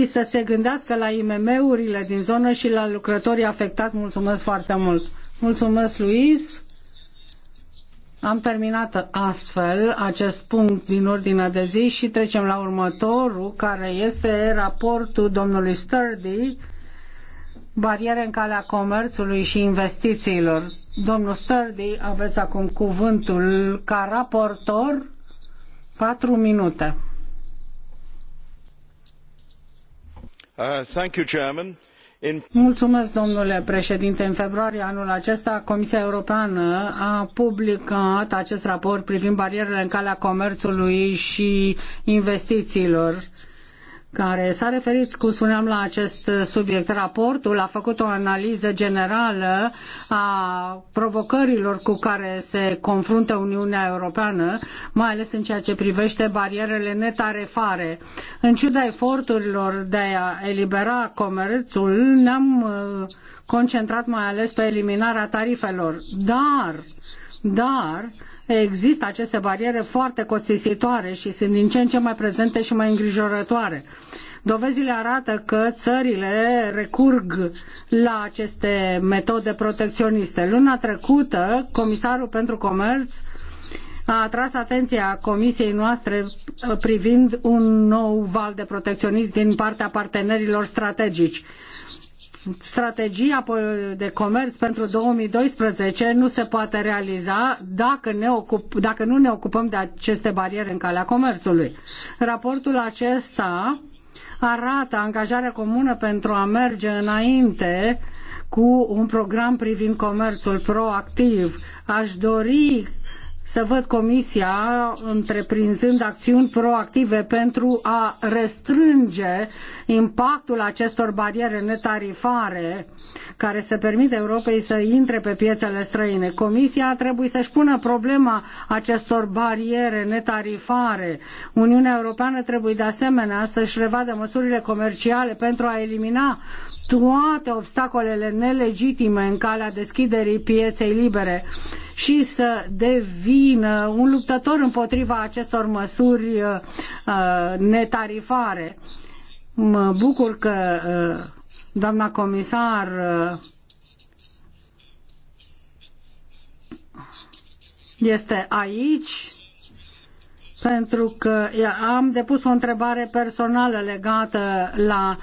și să se gândească la IMM-urile din zonă și la lucrătorii afectați. Mulțumesc foarte mult! Mulțumesc, Luis! Am terminat astfel acest punct din ordinea de zi și trecem la următorul, care este raportul domnului Sturdy, bariere în calea comerțului și investițiilor. Domnul Sturdy, aveți acum cuvântul ca raportor, patru minute. Uh, domnule președinte. în februarie anul acesta comisia europeană a publicat acest raport privind barierele în calea comerțului și investițiilor care s-a referit, cum spuneam, la acest subiect. Raportul a făcut o analiză generală a provocărilor cu care se confruntă Uniunea Europeană, mai ales în ceea ce privește barierele netarefare. În ciuda eforturilor de a elibera comerțul, ne-am uh, concentrat mai ales pe eliminarea tarifelor. Dar, dar, există aceste bariere foarte costisitoare și sunt din ce în ce mai prezente și mai îngrijorătoare. Dovezile arată că țările recurg la aceste metode protecționiste. Luna trecută, Comisarul pentru Comerț a atras atenția comisiei noastre uh, privind un nou val de protecționism din partea partenerilor strategici strategia de comerț pentru 2012 nu se poate realiza dacă, ne ocup, dacă nu ne ocupăm de aceste bariere în calea comerțului. Raportul acesta arată angajarea comună pentru a merge înainte cu un program privind comerțul proactiv. Aș dori să văd Comisia întreprinzând acțiuni proactive pentru a restrânge impactul acestor bariere netarifare care să permită Europei să intre pe piețele străine. Comisia trebuie să-și pună problema acestor bariere netarifare. Uniunea Europeană trebuie de asemenea să-și revadă măsurile comerciale pentru a elimina toate obstacolele nelegitime în calea deschiderii pieței libere și să devină devină un luptător împotriva acestor măsuri uh, uh, netarifare. Mă bucur că uh, doamna comisar este aici pentru că am depus o întrebare personală legată la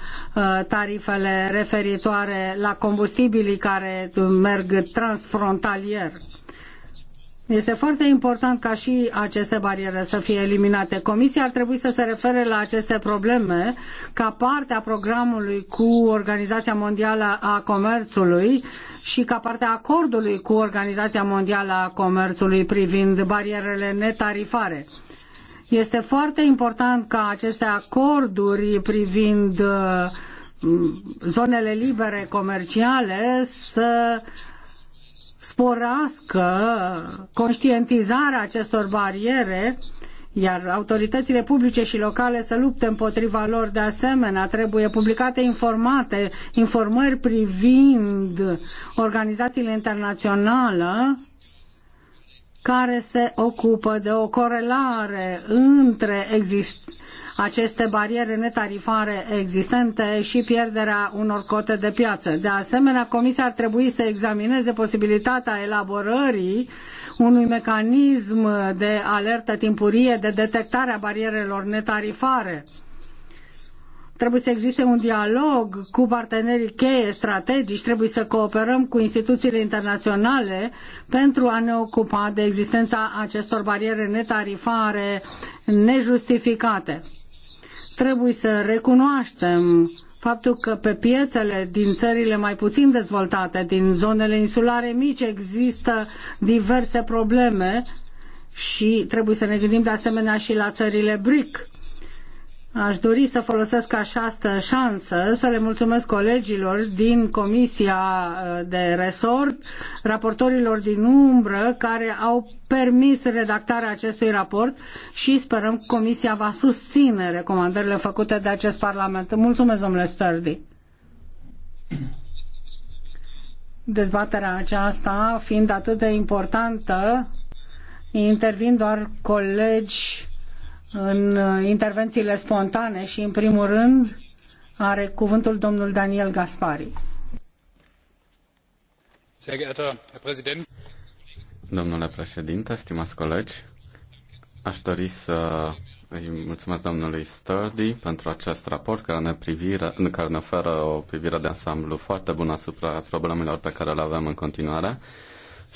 tarifele referitoare la combustibilii care merg transfrontalier. Este foarte important ca și aceste bariere să fie eliminate. Comisia ar trebui să se refere la aceste probleme ca parte a programului cu Organizația Mondială a Comerțului și ca parte a acordului cu Organizația Mondială a Comerțului privind barierele netarifare. Este foarte important ca aceste acorduri privind uh, zonele libere comerciale să sporească conștientizarea acestor bariere, iar autoritățile publice și locale să lupte împotriva lor de asemenea. Trebuie publicate informate, informări privind organizațiile internaționale care se ocupă de o corelare între existența aceste bariere netarifare existente și pierderea unor cote de piață. De asemenea, Comisia ar trebui să examineze posibilitatea elaborării unui mecanism de alertă timpurie de detectare a barierelor netarifare trebuie să existe un dialog cu partenerii cheie strategici, trebuie să cooperăm cu instituțiile internaționale pentru a ne ocupa de existența acestor bariere netarifare nejustificate. Trebuie să recunoaștem faptul că pe piețele din țările mai puțin dezvoltate, din zonele insulare mici, există diverse probleme și trebuie să ne gândim de asemenea și la țările BRIC. Aș dori să folosesc această șansă să le mulțumesc colegilor din Comisia uh, de Resort, raportorilor din umbră, care au permis redactarea acestui raport și sperăm că Comisia va susține recomandările făcute de acest Parlament. Mulțumesc, domnule Sturdy. Dezbaterea aceasta fiind atât de importantă, intervin doar colegi în uh, intervențiile spontane și, în primul rând, are cuvântul domnul Daniel Gaspari. Domnule președinte, stimați colegi, aș dori să îi mulțumesc domnului Sturdy pentru acest raport care ne, privire, care ne oferă o privire de ansamblu foarte bună asupra problemelor pe care le avem în continuare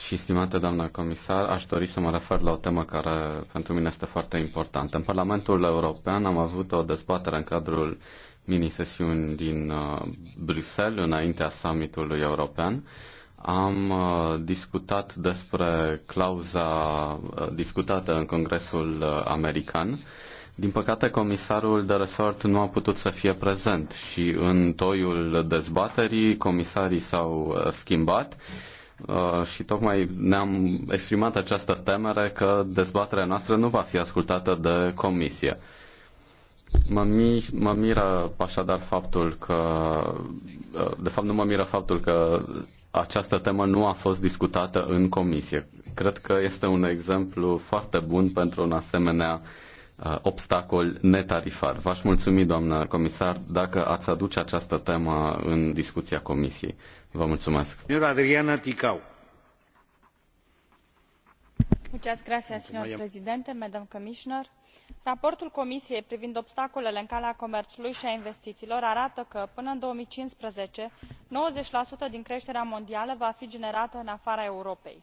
și, stimată doamnă comisar, aș dori să mă refer la o temă care pentru mine este foarte importantă. În Parlamentul European am avut o dezbatere în cadrul mini-sesiuni din uh, Bruxelles, înaintea summitului european. Am uh, discutat despre clauza uh, discutată în Congresul American. Din păcate, comisarul de resort nu a putut să fie prezent și în toiul dezbaterii comisarii s-au schimbat. Uh, și tocmai ne-am exprimat această temere că dezbaterea noastră nu va fi ascultată de comisie. Mă, mi- mă miră așadar faptul că, uh, de fapt nu mă miră faptul că această temă nu a fost discutată în comisie. Cred că este un exemplu foarte bun pentru un asemenea uh, obstacol netarifar. V-aș mulțumi, doamnă comisar, dacă ați aduce această temă în discuția comisiei. Vă mulțumesc. raportul comisiei privind obstacolele în calea comerului i a investiiilor arată că până în două mii cincisprezece nouăzeci din creterea mondială va fi generată în afara europei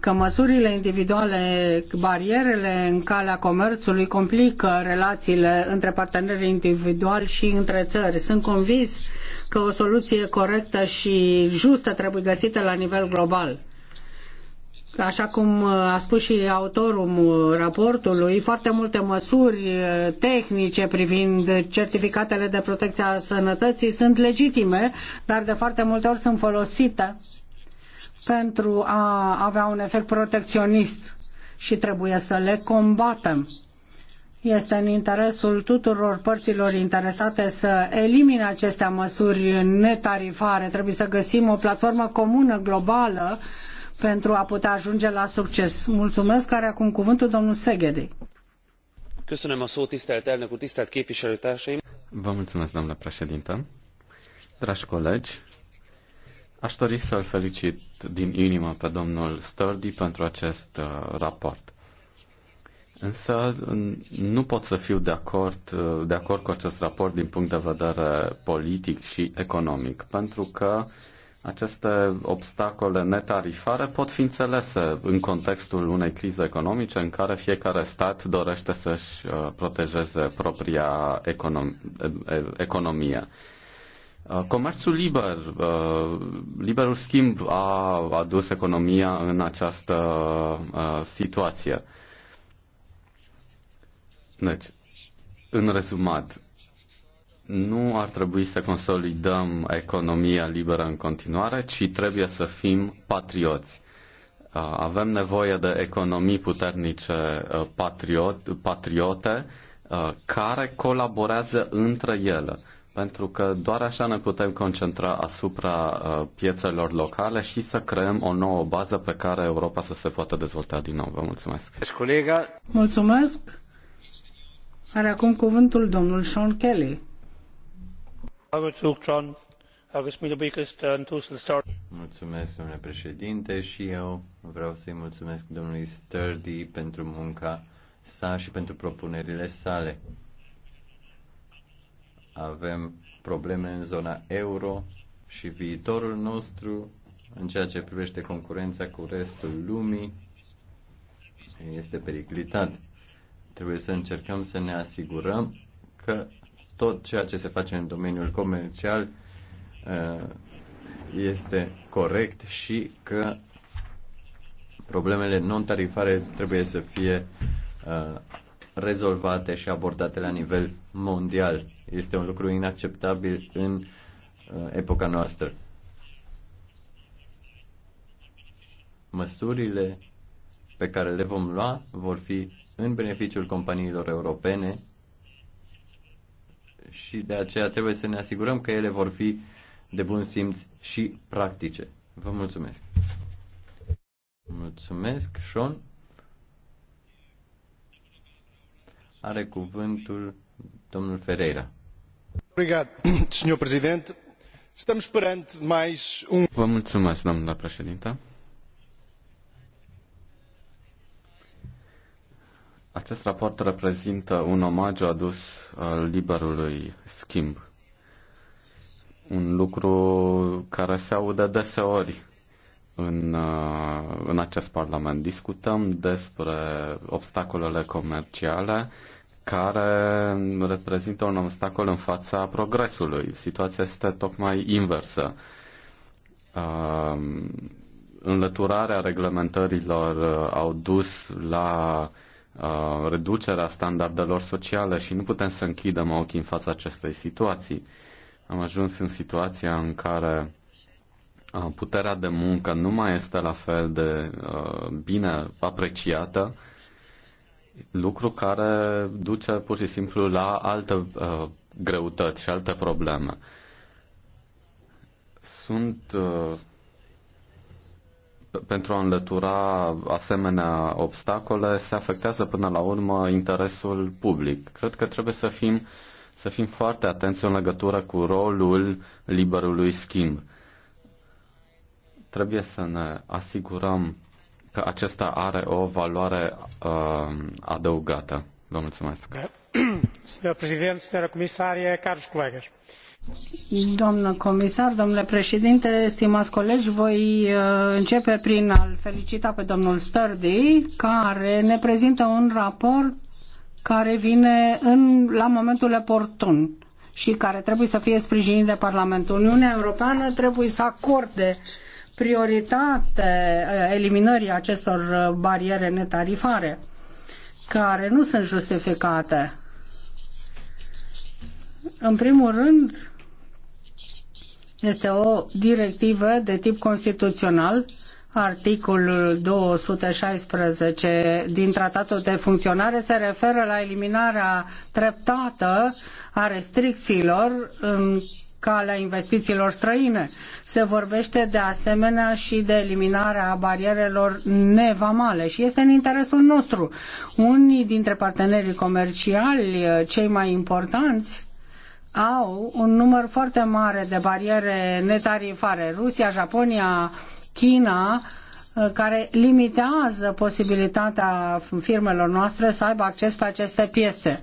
că măsurile individuale, barierele în calea comerțului complică relațiile între partenerii individuali și între țări. Sunt convins că o soluție corectă și justă trebuie găsită la nivel global. Așa cum a spus și autorul raportului, foarte multe măsuri tehnice privind certificatele de protecție a sănătății sunt legitime, dar de foarte multe ori sunt folosite pentru a avea un efect protecționist și trebuie să le combatem. Este în interesul tuturor părților interesate să elimine aceste măsuri netarifare. Trebuie să găsim o platformă comună, globală, pentru a putea ajunge la succes. Mulțumesc, care acum cuvântul domnul Seghedi. Köszönöm a szót, tisztelt elnök úr, tisztelt képviselőtársaim! Vă mulțumesc, doamnă președintă! Dragi colegi, Aș dori să-l felicit din inimă pe domnul Sturdy pentru acest uh, raport. Însă nu pot să fiu de acord, uh, de acord cu acest raport din punct de vedere politic și economic, pentru că aceste obstacole netarifare pot fi înțelese în contextul unei crize economice în care fiecare stat dorește să-și uh, protejeze propria econom- economie. Uh, comerțul liber, uh, liberul schimb a adus economia în această uh, situație. Deci, în rezumat, nu ar trebui să consolidăm economia liberă în continuare, ci trebuie să fim patrioți. Avem nevoie de economii puternice patriot, patriote care colaborează între ele pentru că doar așa ne putem concentra asupra uh, piețelor locale și să creăm o nouă bază pe care Europa să se poată dezvolta din nou. Vă mulțumesc. Deci, mulțumesc. Are acum cuvântul domnul Sean Kelly. Mulțumesc, domnule președinte, și eu vreau să-i mulțumesc domnului Sturdy pentru munca sa și pentru propunerile sale avem probleme în zona euro și viitorul nostru în ceea ce privește concurența cu restul lumii este periclitat. Trebuie să încercăm să ne asigurăm că tot ceea ce se face în domeniul comercial uh, este corect și că problemele non-tarifare trebuie să fie uh, rezolvate și abordate la nivel mondial. Este un lucru inacceptabil în uh, epoca noastră. Măsurile pe care le vom lua vor fi în beneficiul companiilor europene și de aceea trebuie să ne asigurăm că ele vor fi de bun simț și practice. Vă mulțumesc! Mulțumesc, Sean! Are cuvântul domnul Ferreira. Um- Vă mulțumesc, domnule președinte. Acest raport reprezintă un omagiu adus al uh, liberului schimb. Un lucru care se aude deseori în, uh, în acest Parlament. Discutăm despre obstacolele comerciale care reprezintă un obstacol în fața progresului. Situația este tocmai inversă. Uh, înlăturarea reglementărilor uh, au dus la reducerea standardelor sociale și nu putem să închidem ochii în fața acestei situații. Am ajuns în situația în care Uh, puterea de muncă nu mai este la fel de uh, bine apreciată, lucru care duce pur și simplu la alte uh, greutăți și alte probleme. Sunt pentru a înlătura asemenea obstacole se afectează până la urmă interesul public. Cred că trebuie să fim, să fim foarte atenți în legătură cu rolul liberului schimb. Trebuie să ne asigurăm că acesta are o valoare uh, adăugată. Vă mulțumesc. Domnule președinte, domnule comisar, cari colegi. Doamnă comisar, domnule președinte, stimați colegi, voi uh, începe prin a-l felicita pe domnul Sturdy, care ne prezintă un raport care vine în, la momentul oportun și care trebuie să fie sprijinit de Parlamentul Uniunea Europeană trebuie să acorde uh, prioritate eh, eliminării acestor eh, bariere netarifare care nu sunt justificate. În primul rând, este o directivă de tip constituțional, articolul 216 din Tratatul de Funcționare se referă la eliminarea treptată a restricțiilor în calea investițiilor străine. Se vorbește de asemenea și de eliminarea barierelor nevamale și este în interesul nostru. Unii dintre partenerii comerciali, cei mai importanți, au un număr foarte mare de bariere netarifare. Rusia, Japonia, China, care limitează posibilitatea firmelor noastre să aibă acces pe aceste piețe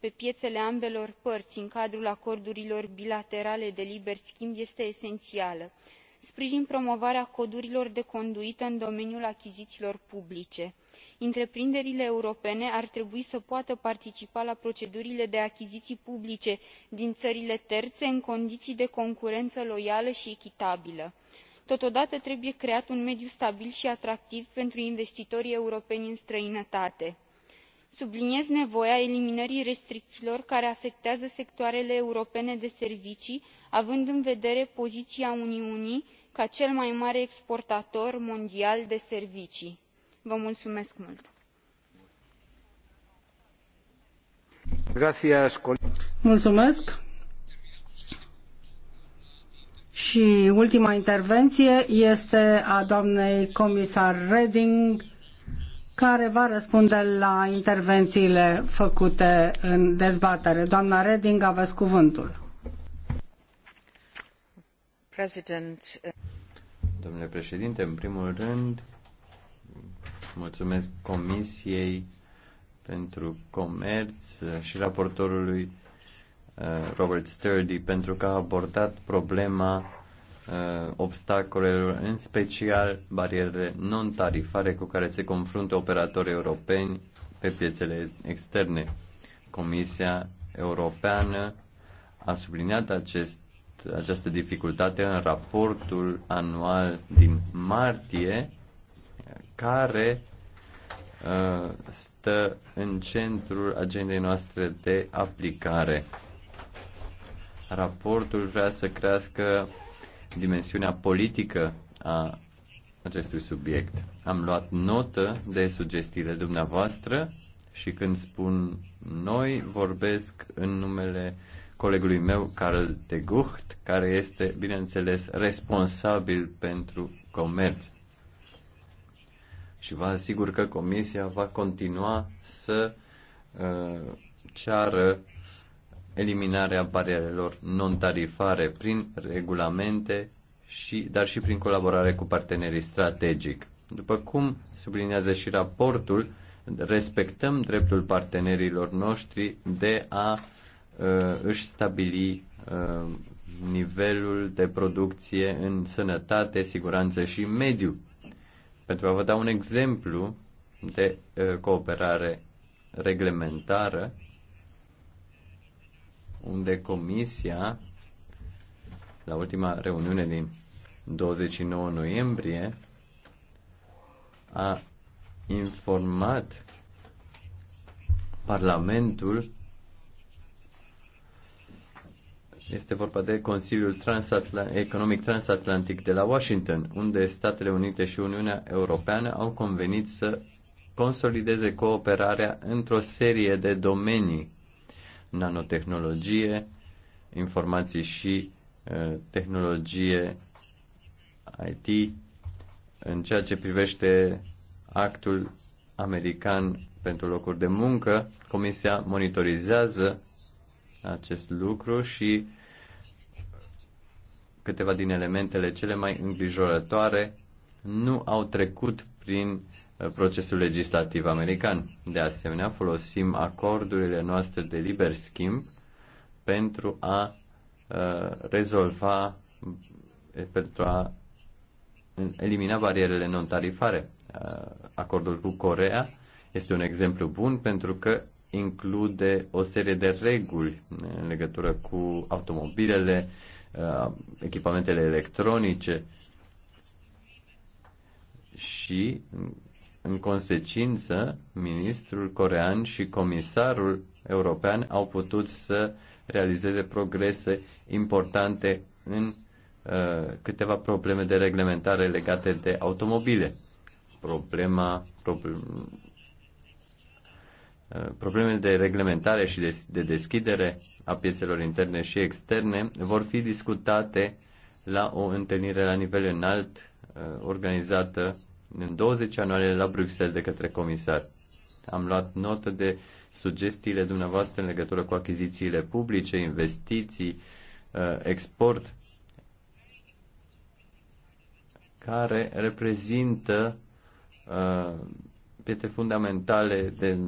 pe piețele ambelor părți în cadrul acordurilor bilaterale de liber schimb este esenială. sprijin promovarea codurilor de conduită în domeniul achizițiilor publice. întreprinderile europene ar trebui să poată participa la procedurile de achiziții publice din țările terțe în condiții de concurență loială și echitabilă. totodată trebuie creat un mediu stabil și atractiv pentru investitorii europeni în străinătate subliniez nevoia eliminării restriciilor care afectează sectoarele europene de servicii având în vedere poziia uniunii ca cel mai mare exportator mondial de servicii. Și ultima intervenție este a comisar Reding care va răspunde la intervențiile făcute în dezbatere. Doamna Reding, aveți cuvântul. President... Domnule președinte, în primul rând, mulțumesc Comisiei pentru Comerț și raportorului uh, Robert Sturdy pentru că a abordat problema uh, obstacolelor, în special barierele non-tarifare cu care se confruntă operatorii europeni pe piețele externe. Comisia Europeană a subliniat acest, această dificultate în raportul anual din martie, care uh, stă în centrul agendei noastre de aplicare. Raportul vrea să crească dimensiunea politică a acestui subiect. Am luat notă de sugestiile dumneavoastră și când spun noi, vorbesc în numele colegului meu, Carl de Gucht, care este, bineînțeles, responsabil pentru comerț. Și vă asigur că Comisia va continua să uh, ceară eliminarea barierelor non-tarifare prin regulamente, și, dar și prin colaborare cu partenerii strategic. După cum sublinează și raportul, respectăm dreptul partenerilor noștri de a uh, își stabili uh, nivelul de producție în sănătate, siguranță și mediu. Pentru a vă da un exemplu de uh, cooperare reglementară, unde Comisia, la ultima reuniune din 29 noiembrie, a informat Parlamentul este vorba de Consiliul Transatl- Economic Transatlantic de la Washington, unde Statele Unite și Uniunea Europeană au convenit să consolideze cooperarea într-o serie de domenii nanotehnologie, informații și uh, tehnologie IT în ceea ce privește actul american pentru locuri de muncă, Comisia monitorizează acest lucru și câteva din elementele cele mai îngrijorătoare nu au trecut prin procesul legislativ american. De asemenea, folosim acordurile noastre de liber schimb pentru a uh, rezolva, pentru a elimina barierele non-tarifare. Uh, acordul cu Corea este un exemplu bun pentru că include o serie de reguli în legătură cu automobilele, uh, echipamentele electronice și în consecință, ministrul corean și comisarul european au putut să realizeze progrese importante în uh, câteva probleme de reglementare legate de automobile. Problema, problem, uh, problemele de reglementare și de, de deschidere a piețelor interne și externe vor fi discutate la o întâlnire la nivel înalt uh, organizată în 20 ianuarie la Bruxelles de către comisar. Am luat notă de sugestiile dumneavoastră în legătură cu achizițiile publice, investiții, uh, export, care reprezintă uh, pietre fundamentale de,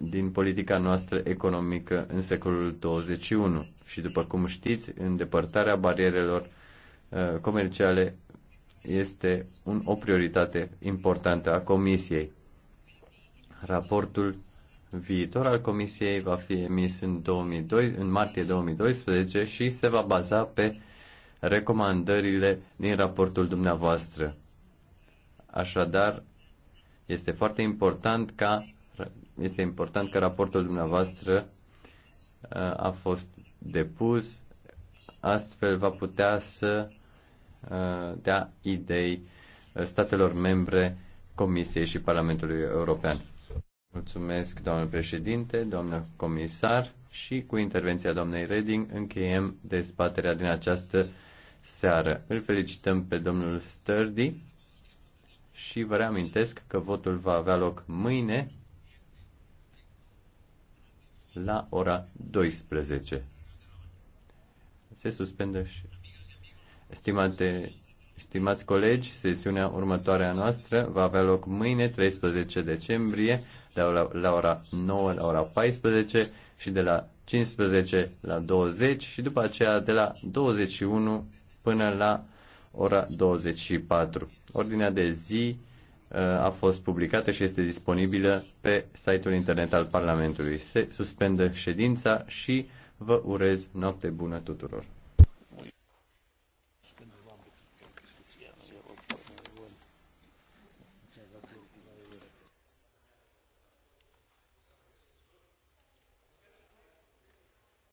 din politica noastră economică în secolul 21. Și după cum știți, îndepărtarea barierelor uh, comerciale este un, o prioritate importantă a Comisiei. Raportul viitor al Comisiei va fi emis în, 2002, în martie 2012 și se va baza pe recomandările din raportul dumneavoastră. Așadar, este foarte important ca este important că raportul dumneavoastră uh, a fost depus, astfel va putea să Uh, dea idei uh, statelor membre, Comisiei și Parlamentului European. Mulțumesc, doamnă președinte, doamnă comisar și cu intervenția doamnei Reding încheiem dezbaterea din această seară. Îl felicităm pe domnul Sturdy și vă reamintesc că votul va avea loc mâine la ora 12. Se suspendă și Stimate, stimați colegi, sesiunea următoare a noastră va avea loc mâine, 13 decembrie, de la, la ora 9 la ora 14 și de la 15 la 20 și după aceea de la 21 până la ora 24. Ordinea de zi uh, a fost publicată și este disponibilă pe site-ul internet al Parlamentului. Se suspendă ședința și vă urez noapte bună tuturor.